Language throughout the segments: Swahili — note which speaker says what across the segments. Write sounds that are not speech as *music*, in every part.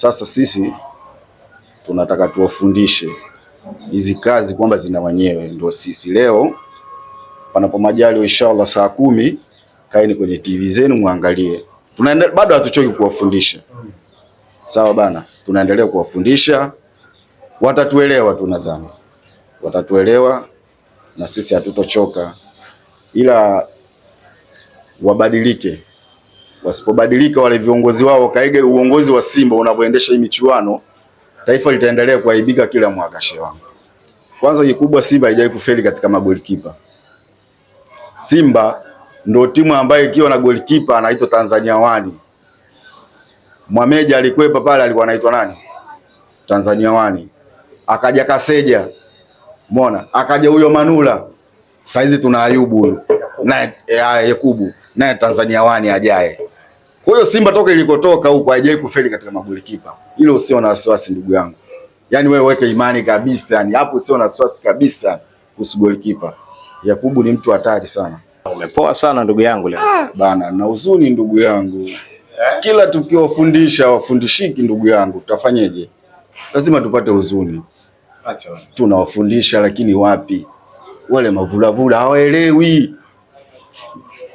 Speaker 1: Sasa sisi tunataka tuwafundishe hizi kazi kwamba zina wenyewe. Ndio sisi leo, panapo majali inshallah saa kumi, kaeni kwenye TV zenu muangalie. Tunaendelea bado, hatuchoki kuwafundisha. Sawa bana, tunaendelea kuwafundisha, watatuelewa tu nadhani watatuelewa na sisi hatutochoka, ila wabadilike. Wasipobadilika wale viongozi wao wakaige uongozi wa Simba unavyoendesha hii michuano, taifa litaendelea kuaibika kila mwaka. Shewangu, kwanza kikubwa, Simba haijawahi kufeli katika magolikipa. Simba ndio timu ambayo ikiwa na golikipa anaitwa Tanzania wani. Mwameja alikwepa pale, alikuwa anaitwa nani? Tanzania wani. Akaja Kaseja, umeona, akaja huyo Manula, saizi tuna Ayubu huyo naye eh, Yakubu naye Tanzania wani ajaye kwa hiyo Simba toka ilikotoka huko haijawai kufeli katika magolikipa. Hilo usio na wasiwasi ndugu yangu. Yaani wewe weke imani kabisa, yani hapo usio na wasiwasi kabisa kuhusu golikipa. Yakubu ni mtu hatari sana.
Speaker 2: Umepoa sana ndugu yangu leo. Ah,
Speaker 1: bana na huzuni ndugu yangu. Kila tukiwafundisha wafundishiki ndugu yangu, tutafanyeje? Lazima tupate huzuni. Acha. Tunawafundisha lakini wapi? Wale mavulavula hawaelewi.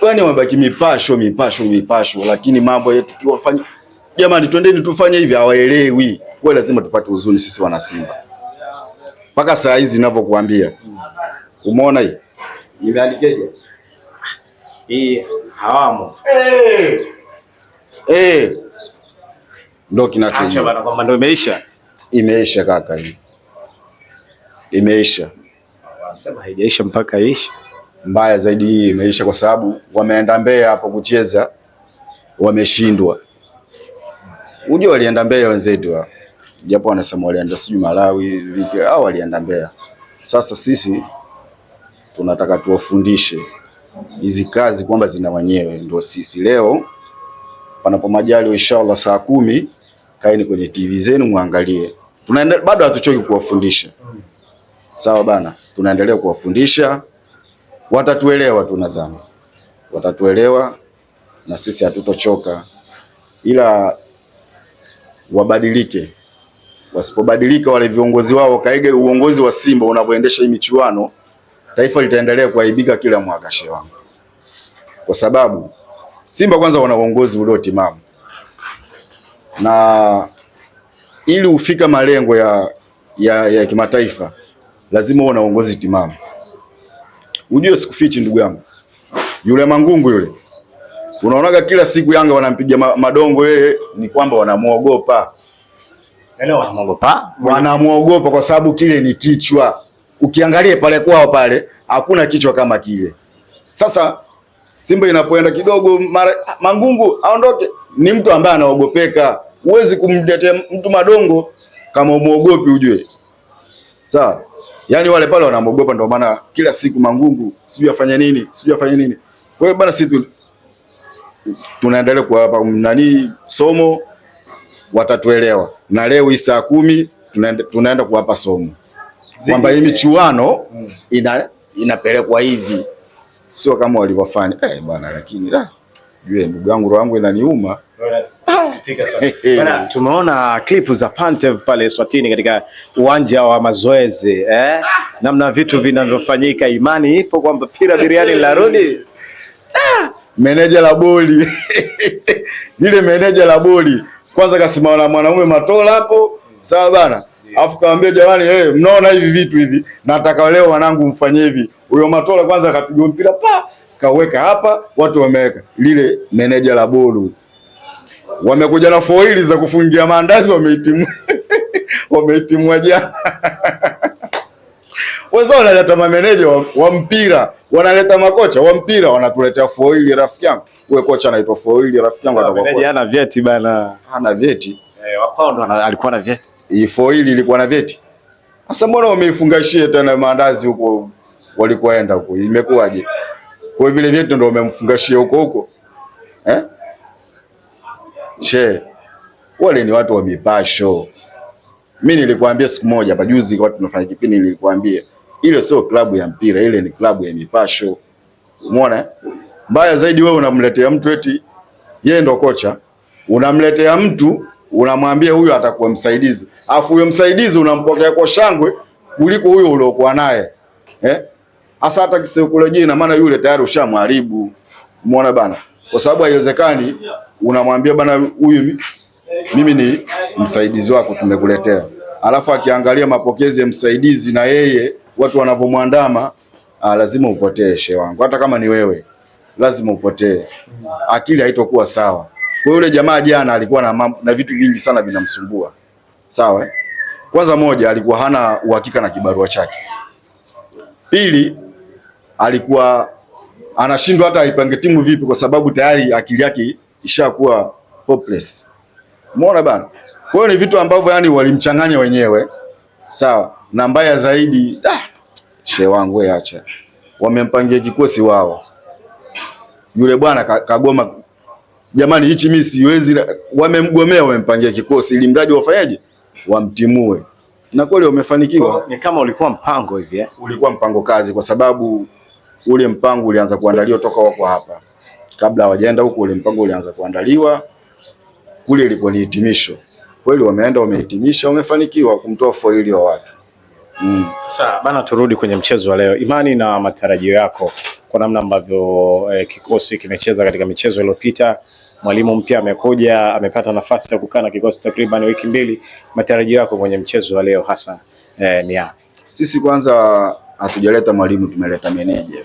Speaker 1: Kwani wamebaki mipasho mipasho mipasho, lakini mambo yetu tukiwafanya, jamani, twendeni tufanye hivi, hawaelewi. Kwa lazima tupate huzuni sisi wana Simba mpaka saa hizi ninavyokuambia. Umeona hii imeandikeje?
Speaker 2: Hii hawamo eh,
Speaker 1: eh, ndio kinachoisha bana,
Speaker 2: kwamba ndo imeisha.
Speaker 1: Imeisha kaka, hii imeisha.
Speaker 2: Wanasema haijaisha mpaka iisha
Speaker 1: mbaya zaidi hii imeisha, kwa sababu wameenda Mbeya hapo kucheza wameshindwa. Unajua walienda Mbeya wenzetu hao, japo wanasema walienda siju Malawi vipi, au walienda Mbeya. Sasa sisi tunataka tuwafundishe hizi kazi kwamba zina wenyewe, ndio sisi leo panapo majali inshallah, saa kumi kaini kwenye TV zenu muangalie. Tunaenda bado hatuchoki kuwafundisha, sawa bana, tunaendelea kuwafundisha watatuelewa tu, nadhani watatuelewa na sisi hatutochoka, ila wabadilike. Wasipobadilika wale viongozi wao wakaige uongozi wa Simba unavyoendesha hii michuano, taifa litaendelea kuaibika kila mwaka, shehe wangu, kwa sababu Simba kwanza wana uongozi uliotimamu na ili ufika malengo ya, ya, ya kimataifa lazima uwe na uongozi timamu. Ujue sikufichi ndugu yangu. Yule Mangungu yule. Unaonaga kila siku Yanga wanampiga madongo yeye, ni kwamba wanamuogopa.
Speaker 2: wanamuogopa.
Speaker 1: Wanamuogopa kwa sababu kile ni kichwa. Ukiangalia pale kwao pale, hakuna kichwa kama kile. Sasa Simba inapoenda kidogo mara, Mangungu aondoke, ni mtu ambaye anaogopeka. Huwezi kumletea mtu madongo kama umuogopi, ujue sawa. Yaani wale pale wanamogopa, ndio maana kila siku mangungu, sijui afanye nini, sijui afanye nini. Kwa hiyo bana, sisi tunaendelea kuwapa nani somo, watatuelewa. Na leo hii saa kumi tunaenda, tunaenda kuwapa somo kwamba hii michuano ina, inapelekwa hivi, sio kama walivyofanya eh bwana. Lakini la ah, jue ndugu yangu, roho yangu inaniuma
Speaker 2: *laughs* Bana, tumeona clip za Pantev pale Swatini katika uwanja wa mazoezi eh? Namna vitu vinavyofanyika, imani ipo kwamba pira biriani linarudi.
Speaker 1: Ah! Meneja la boli *laughs* yule meneja la boli kwanza kasimama na mwanaume Matola hapo, sawa bana, afu kaambia jamani, eh, mnaona hivi vitu hivi, nataka leo wanangu mfanye hivi. Huyo Matola kwanza akapiga mpira pa kaweka hapa, watu wameweka, lile meneja la bolu wamekuja na foili za kufungia maandazi wamehitimu *laughs* wamehitimwa aja *laughs* wazao wanaleta mameneja wa, mpira wanaleta makocha wa mpira wanatuletea foili. Rafiki yangu wewe, kocha anaitwa foili. Rafiki yangu
Speaker 2: atakuwa manager, hana vyeti bana,
Speaker 1: hana vyeti
Speaker 2: eh, wao ndo alikuwa na vyeti,
Speaker 1: hii foili ilikuwa na vyeti. Sasa mbona wameifungashia tena maandazi huko walikuwaenda huko, imekuwaje? Kwa vile vyeti ndo wamemfungashia huko huko eh She, wale ni watu wa mipasho. Mimi nilikwambia siku moja hapa juzi, kwa tunafanya kipindi, nilikwambia ile sio klabu ya mpira, ile ni klabu ya mipasho. Umeona? Mbaya zaidi wewe unamletea mtu eti yeye ndo kocha, unamletea mtu unamwambia huyo atakuwa msaidizi, Alafu huyo msaidizi unampokea kwa shangwe kuliko huyo uliokuwa naye eh? Asa hata kisaikolojia, ina maana yule tayari ushamharibu. Umeona bana, kwa sababu haiwezekani unamwambia bana, huyu mimi ni msaidizi wako tumekuletea. Alafu akiangalia mapokezi ya msaidizi na yeye watu wanavyomwandama, ah, lazima upotee, shehe wangu, hata kama ni wewe lazima upotee, akili haitokuwa sawa. Kwa yule jamaa jana alikuwa na, na vitu vingi sana vinamsumbua sawa. Eh? Kwanza moja, alikuwa hana uhakika na kibarua chake. Pili, alikuwa anashindwa hata aipange timu vipi, kwa sababu tayari akili yake ishakuwa hopeless. Umeona bana? Kwa hiyo ni vitu ambavyo yani walimchanganya wenyewe, sawa. Na mbaya zaidi ah, shehe wangu wewe, acha wamempangia kikosi wao, yule bwana kagoma. Jamani, hichi mimi siwezi. Wamemgomea, wamempangia kikosi ili mradi wafanyaje, wamtimue na kweli wamefanikiwa.
Speaker 2: Ni kama ulikuwa mpango hivi eh?
Speaker 1: Ulikuwa mpango kazi, kwa sababu ule mpango ulianza kuandaliwa toka wako hapa kabla hawajaenda huko, ule mpango ulianza kuandaliwa, kule ilikuwa ni hitimisho kweli, wameenda wamehitimisha, wamefanikiwa kumtoa faili wa watu
Speaker 2: mm. Sasa bana, turudi kwenye mchezo wa leo, imani na matarajio yako kwa namna ambavyo eh, kikosi kimecheza katika michezo iliyopita. Mwalimu mpya amekuja, amepata nafasi ya kukaa na kikosi takriban wiki mbili. Matarajio yako kwenye mchezo wa leo hasa eh, ni ya.
Speaker 1: Sisi kwanza hatujaleta mwalimu, tumeleta meneja.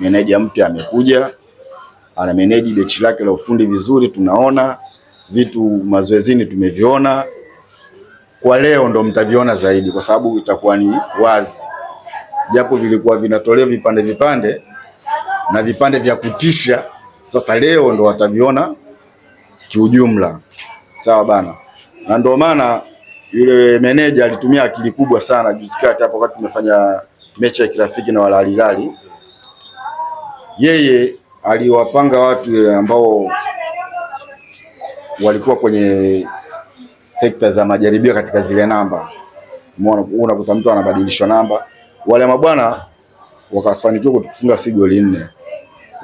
Speaker 1: Meneja mpya amekuja ana manage bechi lake la ufundi vizuri, tunaona vitu mazoezini tumeviona. Kwa leo ndo mtaviona zaidi, kwa sababu itakuwa ni wazi, japo vilikuwa vinatolewa vipande vipande na vipande vya kutisha. Sasa leo ndo wataviona kiujumla, sawa bana, na ndio maana yule meneja alitumia akili kubwa sana juzi kati hapo, wakati tumefanya mechi ya kirafiki na Al Hilal, yeye aliwapanga watu ambao walikuwa kwenye sekta za majaribio katika zile namba. Unakuta mtu anabadilishwa namba, wale mabwana wakafanikiwa kutufunga si goli nne.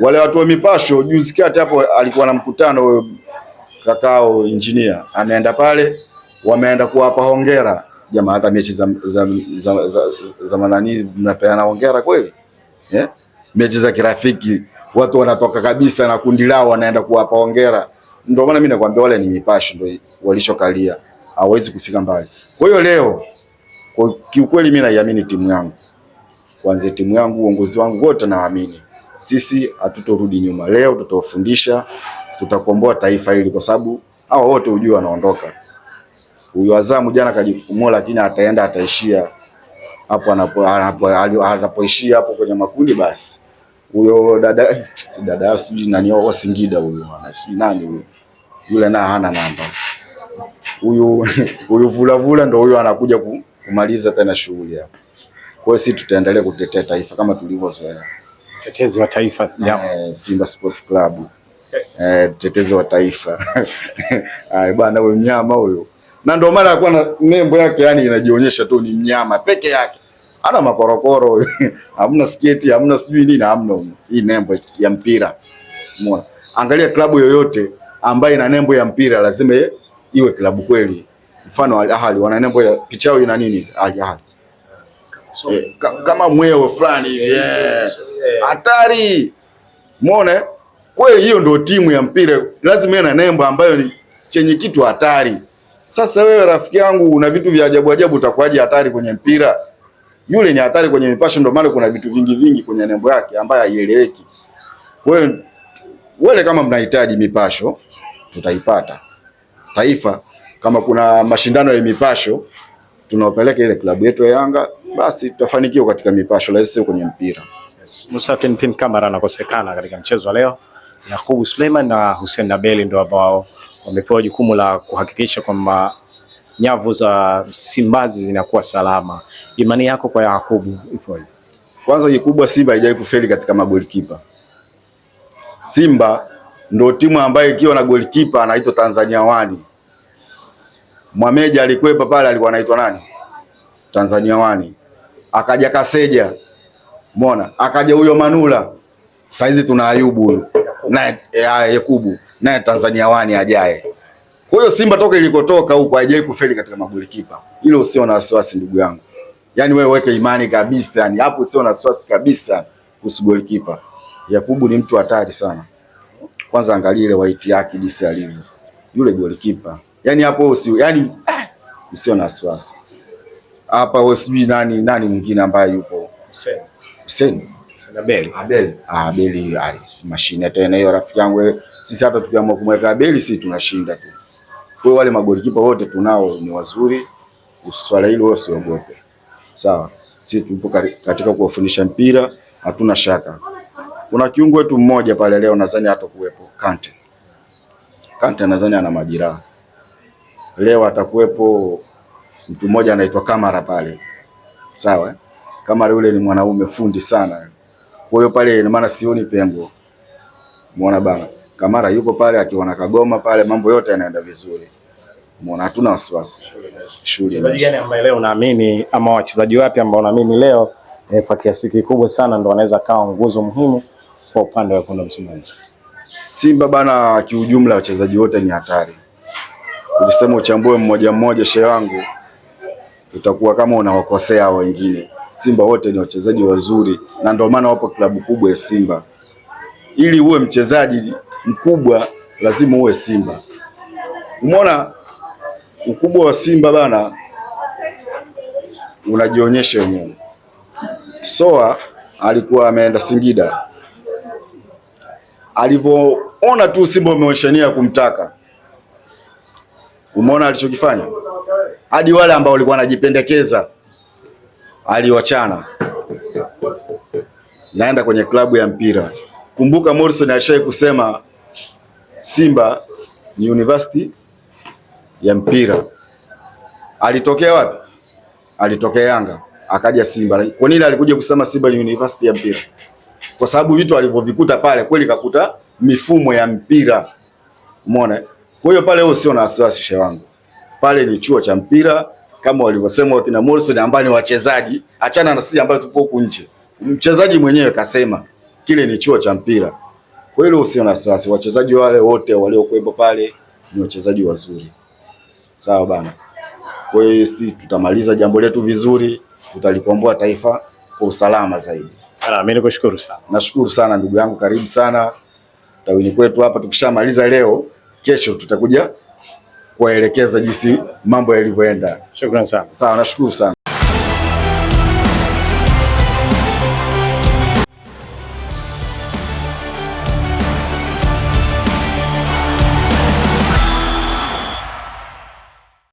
Speaker 1: Wale watu wa mipasho juzi kati hapo alikuwa na mkutano kakao engineer ameenda pale, wameenda kuwapa hongera jamaa. Hata mechi za za, za, za, za, za manani mnapeana hongera kweli, yeah? mechi za kirafiki watu wanatoka kabisa na kundi lao wanaenda kuwapa hongera. Ndio maana mimi nakwambia wale ni mipasho, ndio walishokalia, hawezi kufika mbali. Kwa hiyo leo kwa kiukweli mimi naiamini timu yangu, kwanza timu yangu, uongozi wangu wote naamini sisi hatutorudi nyuma. Leo tutawafundisha, tutakomboa taifa hili, kwa sababu hawa wote ujue wanaondoka. Huyu Azamu jana kajikumua, lakini ataenda ataishia hapo anapo anapoishia hapo kwenye makundi basi huyo dada si dada sijui nani wa Singida huyo ana sijui nani huyo yule na hana namba huyu huyu vula ndo huyo anakuja kumaliza tena shughuli hapo. Kwa hiyo sisi tutaendelea kutetea taifa kama tulivyozoea,
Speaker 2: tetezi wa taifa e,
Speaker 1: Simba Sports Club e, tetezi wa taifa ai *laughs* bwana, huyo mnyama huyo, na ndio maana alikuwa na nembo yake, yani inajionyesha tu ni mnyama peke yake ana makorokoro *laughs* hamna sketi hamna sijui nini hamna. Hii nembo ya mpira, umeona? Angalia klabu yoyote ambayo ina nembo ya mpira lazima iwe klabu kweli. Mfano Al Ahly wana nembo ya picha yao ina nini? Al Ahly so, e, eh, ka, kama mwewe fulani hivi eh, yeah. Hatari, umeona? Kweli hiyo ndio timu ya mpira, lazima iwe na nembo ambayo ni chenye kitu hatari. Sasa wewe rafiki yangu una vitu vya ajabu ajabu, utakuwaje hatari kwenye mpira? Yule ni hatari kwenye mipasho, ndio maana kuna vitu vingi vingi kwenye nembo yake ambayo haieleweki. Kwa hiyo wale, kama mnahitaji mipasho, tutaipata Taifa. Kama kuna mashindano ya mipasho tunaopeleka ile klabu yetu ya Yanga, basi tutafanikiwa katika mipasho, la kwenye mpira.
Speaker 2: Yes. Musa Pinpin Kamara anakosekana katika mchezo wa leo. Yakubu Suleiman na Hussein Nabeli ndio ambao wamepewa jukumu la kuhakikisha kwamba nyavu za Msimbazi zinakuwa salama. Imani yako kwa Yakubu ipoje?
Speaker 1: Kwanza kikubwa, Simba haijawahi kufeli katika magolikipa. Simba ndio timu ambayo ikiwa na golikipa anaitwa Tanzania wani. Mwameja alikwepa pale, alikuwa anaitwa nani? Tanzania wani. Akaja Kaseja, umeona, akaja huyo Manula, saizi tuna Ayubu huyo naye eh, Yakubu naye Tanzania wani ajaye kwa hiyo Simba toka ilikotoka huko haijai kufeli katika magolikipa. Hilo usio na wasiwasi ndugu yangu. Yaani wewe weke imani kabisa, yani hapo usio na wasiwasi kabisa kuhusu golikipa. Yakubu ni mtu hatari sana. Kwanza angalia ile white yake jinsi alivyo. Yule golikipa. Yaani hapo usio yani ah, usio na wasiwasi. Hapa wewe sijui nani nani mwingine ambaye yupo. Hussein. Hussein. Abel. Abel. Ah, Abel mashine tena hiyo rafiki yangu. Sisi hata tukiamua kumweka Abel sisi tunashinda tu. Kwa hiyo wale magolikipa wote tunao ni wazuri, swala hilo siogope Sawa, sisi tupo katika kuwafundisha mpira, hatuna shaka. Kuna kiungo wetu mmoja pale leo nadhani hatakuwepo, Kante. Kante nadhani ana majeraha. Leo atakuwepo mtu mmoja anaitwa Kamara pale. Sawa? Kamara yule ni mwanaume fundi sana. Kwa hiyo pale ina maana sioni pengo. Muona bana. Kamara yupo pale akiona kagoma pale, mambo yote yanaenda vizuri, muona hatuna wasiwasi.
Speaker 2: Shughuli gani ambaye leo unaamini ama wachezaji wapi ambao unaamini leo eh, kwa kiasi kikubwa sana ndo wanaweza kawa nguzo muhimu kwa upande wa kuna Msimbazi?
Speaker 1: Simba bana, kiujumla wachezaji wote ni hatari. Ukisema uchambue mmoja mmoja, shehe wangu, utakuwa kama unawakosea wengine. Simba wote ni wachezaji wazuri, na ndio maana wapo klabu kubwa ya Simba. Ili uwe mchezaji mkubwa lazima uwe Simba. Umeona ukubwa wa Simba bana, unajionyesha wenyewe. Soa alikuwa ameenda Singida, alivyoona tu Simba umeonyeshania kumtaka, umeona alichokifanya. Hadi wale ambao walikuwa wanajipendekeza aliwachana, naenda kwenye klabu ya mpira. Kumbuka Morrison alishai kusema Simba ni university ya mpira. Alitokea wapi? Alitokea Yanga akaja Simba. Kwa nini alikuja kusema Simba ni university ya mpira? Kwa sababu vitu alivyovikuta pale kweli kakuta mifumo ya mpira. Umeona? Kwa hiyo pale wewe sio na wasiwasi shehe wangu. Pale ni chuo cha mpira kama walivyosema wakina Morrison ambao ni wachezaji, achana na sisi ambao tupo huku nje. Mchezaji mwenyewe kasema kile ni chuo cha mpira. Kwa hilo usio na wasiwasi, wachezaji wale wote waliokuwepo pale ni wachezaji wazuri, sawa bana. Kwa hiyo si tutamaliza jambo letu vizuri, tutalikomboa taifa kwa usalama zaidi.
Speaker 2: Mimi nikushukuru sana,
Speaker 1: nashukuru sana ndugu yangu, karibu sana tawini kwetu hapa. Tukishamaliza leo, kesho tutakuja kuwaelekeza jinsi mambo yalivyoenda. Shukrani sana. Sawa, nashukuru sana.